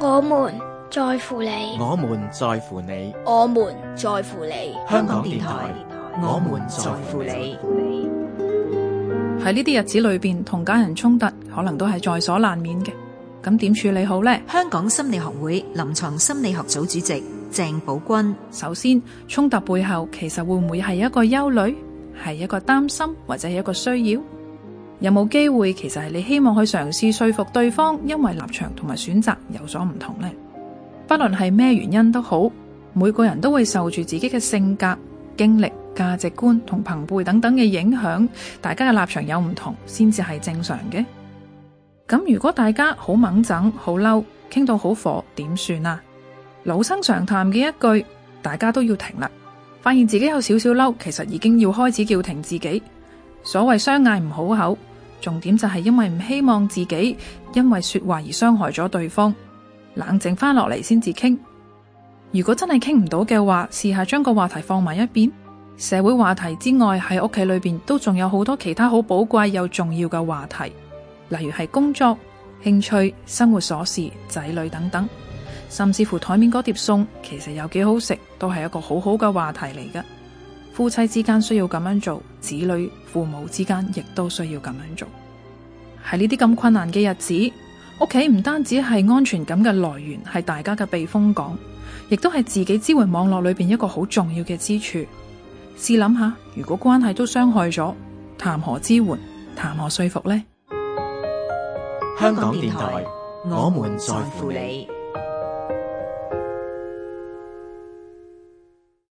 我們在乎你，我們在乎你，我們在乎你。香港電台我們在乎你。喺呢啲日子裏邊，同家人衝突可能都係在所難免嘅。咁點處理好咧？香港心理學會臨床心理學組主席鄭寶君，首先衝突背後其實會唔會係一個憂慮，係一個擔心，或者係一個需要？有冇機會？其實係你希望去嘗試說服對方，因為立場同埋選擇有所唔同呢？不論係咩原因都好，每個人都會受住自己嘅性格、經歷、價值觀同朋輩等等嘅影響，大家嘅立場有唔同，先至係正常嘅。咁如果大家好猛憎、好嬲，傾到好火，點算啊？老生常談嘅一句，大家都要停啦。發現自己有少少嬲，其實已經要開始叫停自己。所謂相嗌唔好口。重點就係因為唔希望自己因為說話而傷害咗對方，冷靜翻落嚟先至傾。如果真係傾唔到嘅話，試下將個話題放埋一邊。社會話題之外，喺屋企裏邊都仲有好多其他好寶貴又重要嘅話題，例如係工作、興趣、生活瑣事、仔女等等，甚至乎台面嗰碟餸，其實有幾好食，都係一個好好嘅話題嚟嘅。夫妻之間需要咁樣做，子女、父母之間亦都需要咁樣做。喺呢啲咁困難嘅日子，屋企唔單止係安全感嘅來源，係大家嘅避風港，亦都係自己支援網絡裏邊一個好重要嘅支柱。試諗下，如果關係都傷害咗，談何支援，談何說服呢？香港電台，我們在乎你。